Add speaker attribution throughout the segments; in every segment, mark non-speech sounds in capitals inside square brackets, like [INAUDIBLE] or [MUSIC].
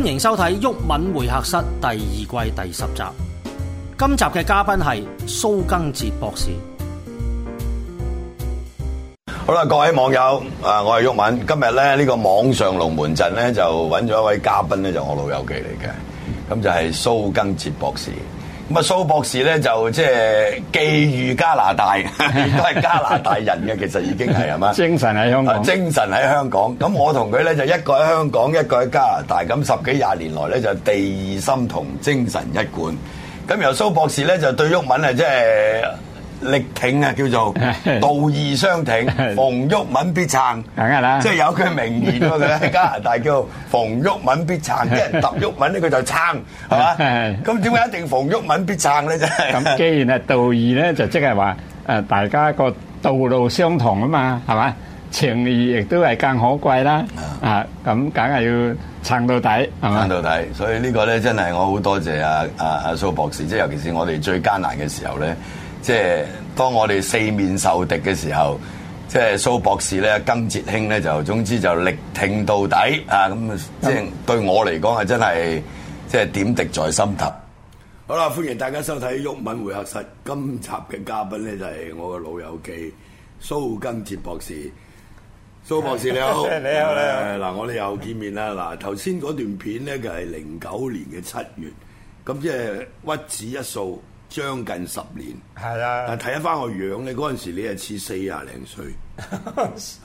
Speaker 1: 歡迎收睇《毓民會客室》第二季第十集。今集嘅嘉賓係蘇賡哲博士。
Speaker 2: 好啦，各位網友，啊，我係毓民。今日咧呢、這個網上龍門陣咧就揾咗一位嘉賓咧就是、我老友記嚟嘅，咁就係蘇賡哲博士。咁啊，蘇博士咧就即係寄寓加拿大，都係加拿大人嘅，其實已經係係嘛？ [LAUGHS] 精神喺香港，精神喺香港。咁 [LAUGHS] 我同佢咧就一個喺香港，一個喺加拿大。咁十幾廿年來咧就地心同精神一貫。咁由蘇博士咧就對毓民啊，即係，力挺啊，叫做道義相挺，逢毓民必撐，
Speaker 1: 梗係啦，即係有佢名言喎，佢喺加
Speaker 2: 拿大叫逢毓民必撐，啲人揼毓民呢，佢就撐，係嘛？咁點解一定逢毓民必撐咧？真係咁，
Speaker 1: 既然係道義咧，就即係話誒，大家個道路相同啊嘛，係嘛？情義亦都係更可貴啦，啊咁，梗係要撐到底，係撐到底，所以呢個咧真係我
Speaker 2: 好多謝阿阿阿蘇博士，即係尤其是我哋最艱難嘅時候咧。即係當我哋四面受敵嘅時候，即係蘇博士咧、賡哲兄咧，就總之就力挺到底啊！咁即係對我嚟講係真係即係點滴在心頭。好啦，歡迎大家收睇《毓民會客室》今集嘅嘉賓咧就係我嘅老友記蘇賡哲博士。蘇博士你好，你好咧。嗱，我哋又見面啦。嗱，頭先嗰段片咧就係零九年嘅七月，咁即係屈指一數。將近十年，係啊的，但睇翻翻個樣咧，嗰陣時你係似四廿零歲，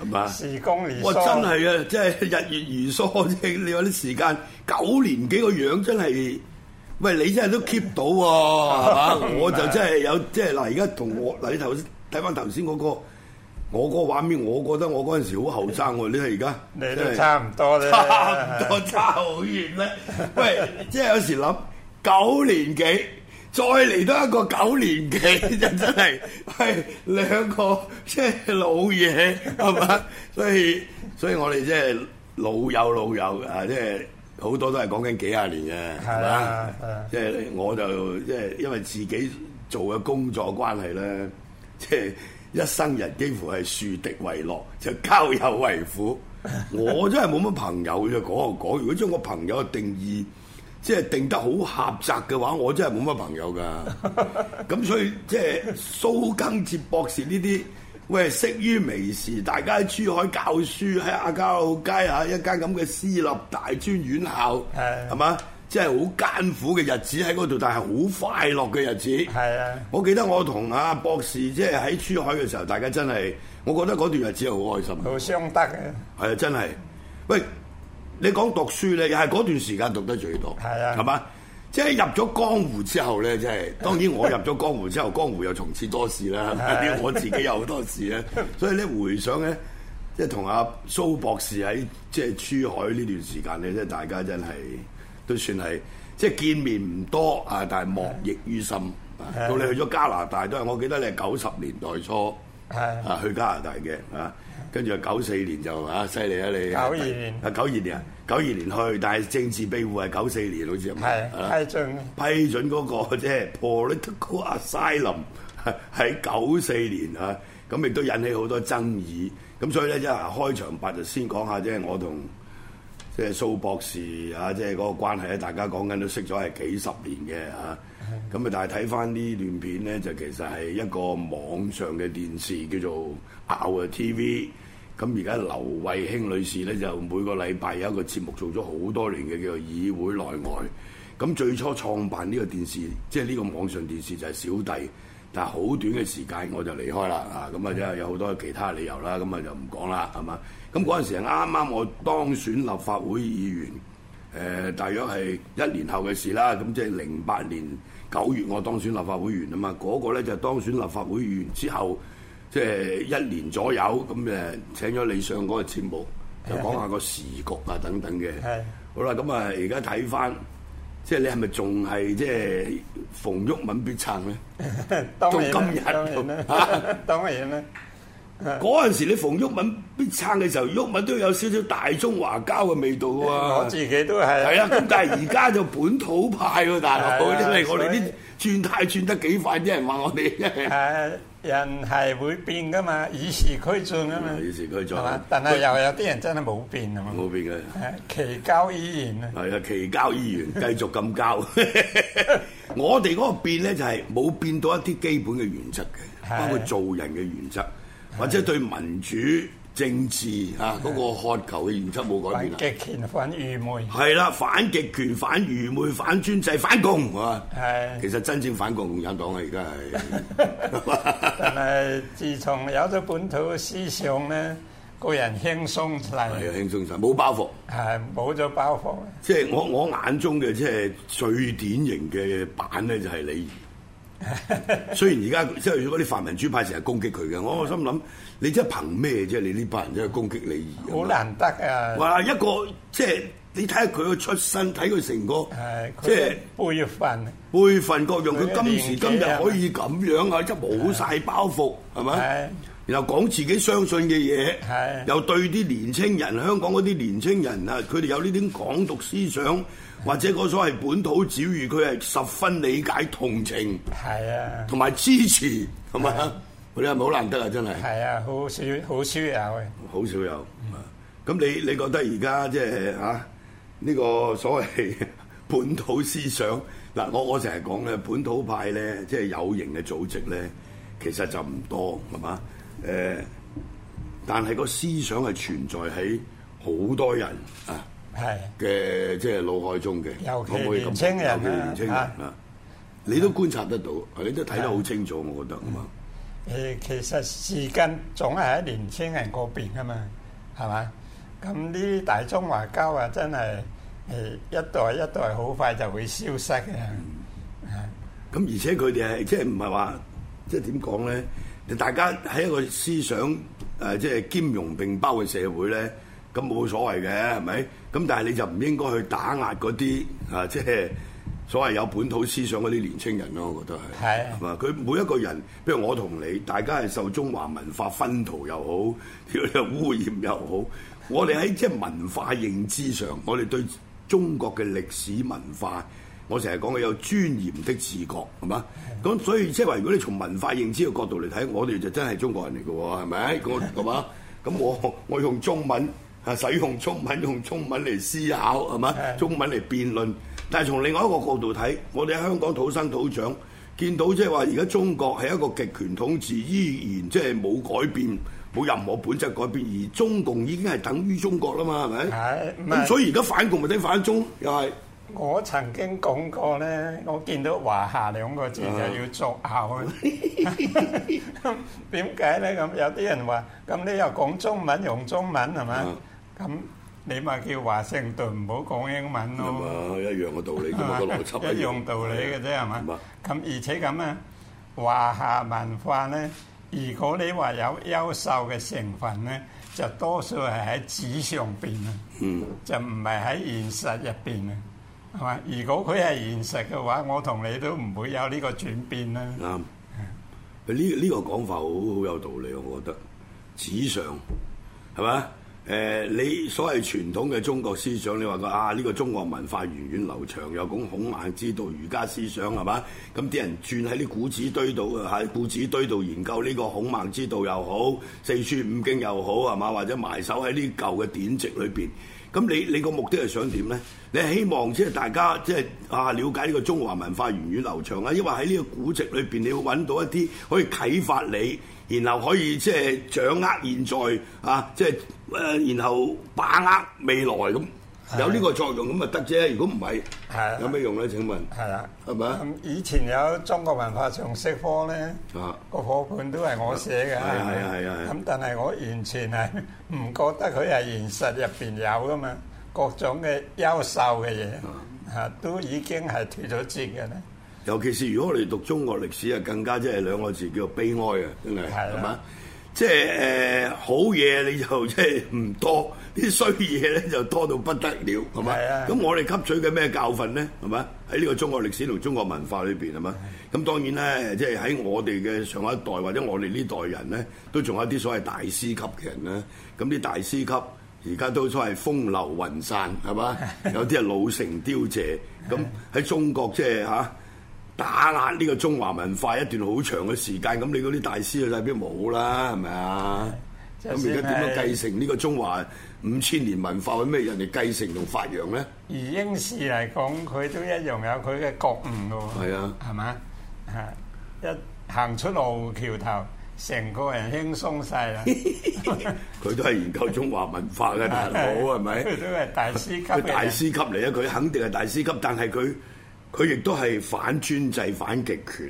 Speaker 2: 係嘛？時
Speaker 1: 光年而，哇，真係
Speaker 2: 啊，即係日月如梭，你有啲時間九年幾個樣，真係，喂，你真係都 keep 到喎，啊，的我就真係有，即係嗱，而家同我你頭睇翻頭先嗰個，我嗰個畫面，我覺得我嗰陣時好後生喎，你係而家，你都差唔多咧，是你差唔多，啊、 [LAUGHS] 多，差好遠咧。喂，即係有時諗九年幾。再嚟都一個九年嘅，就真係係兩個即係老嘢，係嘛？ [LAUGHS] 所以所以我哋即係老友老友啊，即係好多都係講緊幾廿年嘅，係嘛？
Speaker 1: 即係
Speaker 2: 我就即係因為自己做嘅工作關係咧，即係一生人幾乎係樹敵為樂，就交友為苦。 [LAUGHS] [LAUGHS] 我真係冇乜朋友就講就講。如果將我朋友嘅定義，即係定得好狹窄嘅話，我真係冇乜朋友㗎。咁 [LAUGHS] 所以即係、就是、蘇賡哲博士呢啲，喂，識於微時，大家喺珠海教書喺亞皆老街啊，一間咁嘅私立大專院校，係係嘛，即係好艱苦嘅日子喺嗰度，但係好快樂嘅日子。係啊的！我記得我同阿博士即係喺珠海嘅時候，大家真係，我覺得嗰段日子係好開心，好相得嘅。係啊，真係，喂。你講讀書咧，又係嗰段時間讀得最多，係啊，係嘛？即係入咗江湖之後咧， [LAUGHS] 即係當然我入咗江湖之後，江湖又從此多事啦。 [LAUGHS] 我自己又好多事咧，所以咧回想咧，即係同阿蘇博士喺即係珠海呢段時間咧，即係大家真係都算係即係見面唔多啊，但係莫逆於心。到你去咗加拿大都係，我記得你係九十年代初啊去加拿大嘅啊。跟住九四年就嚇，犀利啊！你九二年啊，九二年啊，九二年去，但係政治庇護係九四年，好似係。係批准嗰、嗰個即係 [LAUGHS] political asylum 喺、啊、九四年嚇，咁、啊、亦、啊、都引起好多爭議。咁所以咧，一係開場白就先講下即係我同即係蘇博士啊，即係嗰個關係咧，大家講緊都識咗係幾十年嘅嚇。啊。咁啊！但係睇翻呢段片咧，就其實係一個網上嘅電視叫做 Our TV。咁而家劉慧卿女士咧，就每個禮拜有一個節目做咗好多年嘅叫做議會內外。咁最初創辦呢個電視，即係呢個網上電視就係小弟，但係好短嘅時間我就離開啦啊！咁啊，即係有好多其他理由啦，咁啊就唔講啦，係嘛？咁嗰陣時係啱啱我當選立法會議員，誒，大約係一年後嘅事啦。咁即係零八年。九月我當選立法會議員啊嘛，嗰、那個咧就是、當選立法會議員之後，即、就、係、是、一年左右咁誒，就請咗你上嗰個節目，的就講下個時局啊等等嘅。的好啦，咁啊，而家睇返，即係你係咪仲係即係逢毓民必撐咧 [LAUGHS]
Speaker 1: 了？當然 [LAUGHS] 當然啦，當然啦。
Speaker 2: 嗰陣 [MUSIC] 時你逢毓民必撐嘅時候，毓民都有少少大中華膠嘅味道啊。我自己都係係啊，咁但係而家就本土派喎，啊，大佬，因為我哋啲
Speaker 1: 轉態轉得幾快，啲人問我哋。係人係會變噶嘛，與時俱進啊嘛。與時俱進，係嘛？但係又有啲人真係冇變啊嘛。冇變嘅。係期交依然
Speaker 2: 啊。係 [LAUGHS] 啊，期交依然，繼續咁交。 [LAUGHS] 我哋嗰個變咧，就係冇變到一啲基本嘅原則嘅，包括做人嘅原則。 [LAUGHS] 或者對民主政治嚇嗰是、啊嗰個渴求嘅原則冇改變，反極
Speaker 1: 權、反愚昧。係
Speaker 2: 啦，反極權、反愚昧、反專制、反共，係嘛是？係。其實真正反共共產黨啊，而家係。但係，
Speaker 1: 自從有咗本土嘅思想咧，個人輕鬆晒，係啊，
Speaker 2: 輕鬆晒，冇包袱。
Speaker 1: 係冇咗包袱。
Speaker 2: 即係、嗯、我我眼中嘅即係最典型嘅版咧，就係你。雖然而家即係嗰啲泛民主派成日攻擊佢嘅，我個心諗你真係憑咩啫？你呢班人真係攻擊你？好難得啊！話！一個即係你睇下佢嘅出身，睇佢成個即係輩份，輩份各樣。佢今時今日可以咁樣啊，即係冇晒包袱，係咪？然後講自己相信嘅嘢，又對啲年青人，香港嗰啲年青人啊，佢哋有呢啲港獨思想。或者嗰所謂本土主義佢係十分理解同情，係啊，同埋支持，係嘛、啊？嗰啲係咪好難得啊？真係係啊，好少好少有嘅，好少有。咁、嗯、你你覺得而家即係嚇呢個所謂本土思想嗱、啊？我我成日講嘅本土派咧，即、就、係、是、有形嘅組織咧，其實就唔多係嘛？誒，但係個思想係存在喺好多人啊。係嘅，即係腦海中嘅，尤其年青嘅尤其年青人啊？你都觀察得到，你都睇得好清楚，我覺得啊嘛。
Speaker 1: 誒，其實時間總係喺年青人嗰邊啊嘛，係嘛？咁呢啲大中華膠啊真係一代一代好快就會消失嘅。
Speaker 2: 咁而且佢哋係即係唔係話即係點講咧？大家喺一個思想誒，即係兼容並包嘅社會咧。咁冇所謂嘅，係咪？咁但係你就唔應該去打壓嗰啲啊，即係所謂有本土思想嗰啲年青人咯。我覺得係係啊，佢 [MUSIC] 每一個人，譬如我同你，大家係受中華文化薰陶又好，又污染又好，我哋喺即係文化認知上，我哋對中國嘅歷史文化，我成日講嘅有尊嚴的視覺，係嘛？咁 [MUSIC] 所以即係話，如果你從文化認知嘅角度嚟睇，我哋就真係中國人嚟嘅喎，係咪？我係嘛？咁我我用中文。啊！使用中文，用中文嚟思考係嘛？中文嚟辯論。但係從另外一個角度睇，我哋喺香港土生土長，見到即係話而家中國係一個極權統治，依然即係冇改變，冇任何本質改變。而中共已經係等於中國啦
Speaker 1: 嘛？係咪？係。咁所以而家反共咪得反中又係。我曾經講過咧，我見到華夏兩個字就要作下佢。點解咧？咁有啲人話：咁你又講中文，用中文係咪？咁你咪叫華盛頓唔好講英文咯。係嘛，一樣嘅道理，咁啊邏輯一樣道理嘅啫，係嘛？咁而且咁啊，華夏文化咧，如果你話有優秀嘅成分咧，就多數係喺紙上邊啊，就唔係喺現實入邊啊，係嘛？如果佢係現實嘅話，我同你都唔會有呢個轉變啦。
Speaker 2: 啱。佢呢呢個講法好好有道理，我覺得紙上係嘛？誒、呃，你所謂傳統嘅中國思想，你話佢啊呢個中國文化源遠流長，又講孔孟之道、儒家思想係嘛？咁啲人轉喺啲古紙堆度，喺古紙堆度研究呢個孔孟之道又好，四書五經又好係嘛？或者埋首喺呢舊嘅典籍裏邊。咁你你個目的係想點咧？你希望即係大家即係啊了解呢個中華文化源遠流長啊，因為喺呢個古籍裏邊，你會揾到一啲可以啟發你，然後可以即係掌握現在啊，即係誒、啊，然後把握未來咁。有呢個
Speaker 1: 作用咁咪得啫，如果唔係，係有咩用咧？請問，係啊係，係咪？咁以前有中國文化常識科咧，個課本都係我寫嘅，係啊係啊，咁但係我完全係唔覺得佢係現實入邊有嘅嘛，各種嘅優秀嘅嘢嚇都已經係脫咗節嘅咧。
Speaker 2: 尤其是如果我哋讀中國歷史啊，更加即係兩個字叫做悲哀啊，真係咁啊！係即係誒好嘢你就即係唔多，啲衰嘢咧就多到不得了，係嘛是的？咁我哋吸取嘅咩教訓咧？係嘛？喺呢個中國歷史同中國文化裏邊，係嘛？咁是的 當然咧，即係喺我哋嘅上一代或者我哋呢代人咧，都仲有啲所謂大師級嘅人咧。咁啲大師級而家都所謂風流雲散，係嘛？ [LAUGHS] 有啲係老成凋謝。咁喺中國即係嚇。啊打壓呢個中華文化一段好長嘅時間，咁你嗰啲大師啊，就變冇啦，係咪
Speaker 1: 啊？咁而家點樣繼
Speaker 2: 承呢個中華五千年文化，為咩人哋繼承同發揚咧？
Speaker 1: 而英時嚟講，佢都一樣有佢嘅覺悟㗎喎。係啊，係一行出羅湖橋頭，成個人輕鬆晒啦。
Speaker 2: 佢 [LAUGHS] [LAUGHS] 都係研究中華文化嘅大佬，係咪？ [LAUGHS] [LAUGHS] 都係大師級。佢大師級嚟啊！佢肯定係大師級，但係佢。佢亦都係反專制、反極權、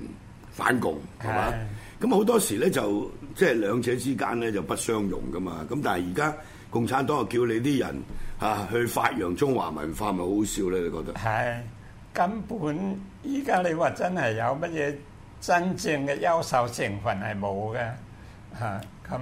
Speaker 2: 反共，係嘛？咁好是的 多時咧就即係、就是、兩者之間咧就不相容噶嘛。咁但係而家共產黨又叫你啲人嚇去發揚中華文化，咪好笑咧？你覺得？係，
Speaker 1: 根本依家你話真係有乜嘢真正嘅優秀成分係冇嘅，嚇，咁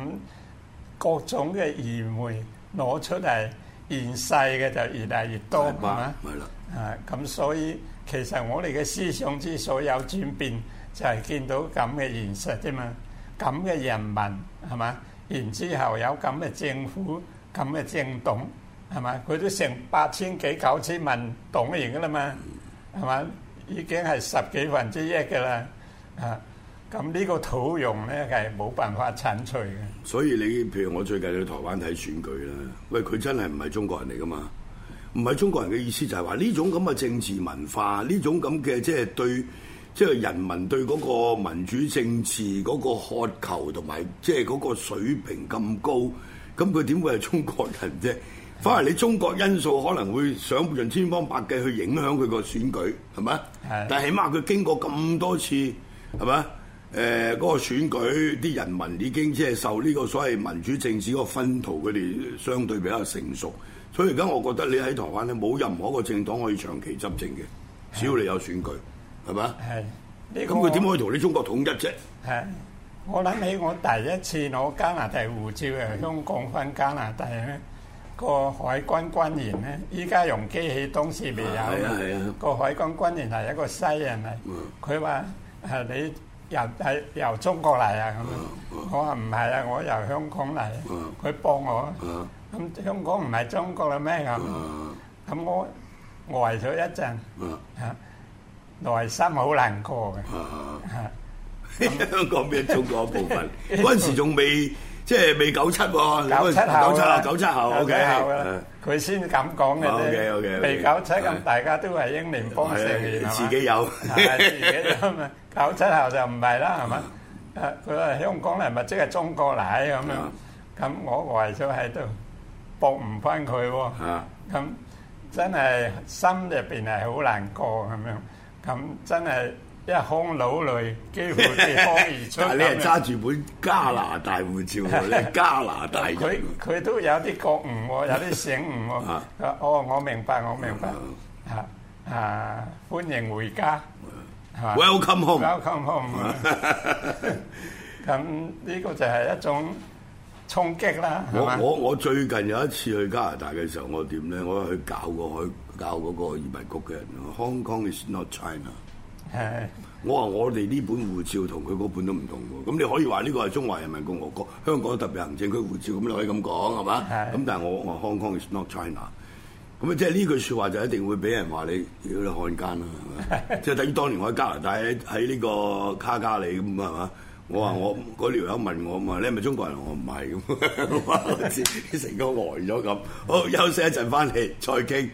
Speaker 1: 各種嘅疑問攞出嚟，現世嘅就越嚟越多，係嘛？係啦，嚇咁所以。其實我哋嘅思想之所以有轉變，就係見到咁嘅現實啫嘛。咁嘅人民係嘛？然之後有咁嘅政府、咁嘅政黨係嘛？佢都成八千幾、九千萬黨員噶啦嘛，係嘛？已經係十幾分之一嘅啦。啊，咁呢個土壤咧係冇辦法鏟除嘅。
Speaker 2: 所以你譬如我最近去台灣睇選舉啦，喂，佢真係唔係中國人嚟噶嘛？唔係中國人嘅意思就係話呢種咁嘅政治文化，呢種咁嘅即係對即係、就是、人民對嗰個民主政治嗰個渴求同埋即係嗰個水平咁高，咁佢點會係中國人啫？反而你中國因素可能會想盡千方百計去影響佢的、呃嗰個選舉，係咪？係。但係起碼佢經過咁多次，係咪？誒，嗰個選舉啲人民已經即係受呢個所謂民主政治嗰個薰陶，佢哋相對比較成熟。所以而家我覺得你喺台灣咧，冇任何一個政黨可以長期執政嘅，只要你有選舉，係嘛係？你咁佢點可以同你中國統一啫？係。
Speaker 1: 我諗起我第一次攞加拿大護照嘅，香港返加拿大咧，個海關關員咧，依家用機器，當時未有。係啊係啊。個海關關員係一個西人嚟，佢話，係你由係由中國嚟啊咁樣。係，我話唔係啊，我由香港嚟。佢係幫我。咁香港唔係中國啦咩咁？咁我呆咗一陣，嚇內心好難過嘅。香港邊係中國部分？嗰
Speaker 2: 陣時仲未即係未九七喎。九七後，九七後，九七後 OK。
Speaker 1: 佢先咁講嘅啫。OK OK。未九七咁大家都係英明幫成嘅，自己有。九七後就唔係啦，係咪？誒，佢話香港咧，咪即係中國嚟咁樣。咁我呆咗喺度。博唔翻佢喎，咁真係心入邊係好難過咁樣，咁真係一腔老淚幾乎逆江而出。 [LAUGHS] 你係揸住本加拿
Speaker 2: 大護照，你 [LAUGHS] 加拿大。佢
Speaker 1: 佢都有啲覺悟喎，有啲醒悟喎。 [LAUGHS] 哦，我明白，我明白。嚇嚇、 [LAUGHS] 啊，歡迎回家。
Speaker 2: Welcome home。Welcome home。
Speaker 1: 咁呢個就係一種。衝擊啦！我吧
Speaker 2: 我我最近有一次去加拿大嘅時候，我點咧？我去搞個搞過嗰個移民局嘅人，Hong Kong is not China。係
Speaker 1: 的。
Speaker 2: 我話我哋呢本護照同佢嗰本都唔同喎。咁你可以話呢個係中華人民共和國香港特別行政區護照，咁你可以咁講係嘛？咁的但係我我 Hong Kong is not China。咁啊，即係呢句説話就一定會俾人話你，屌你漢奸啦，係咪？即係 [LAUGHS] 等於當年我喺加拿大喺呢個卡加里咁係嘛？我話我嗰條友問我嘛，你係咪中國人？ [LAUGHS] 我唔係咁，好似成個呆咗咁。好，休息一陣，返嚟再傾。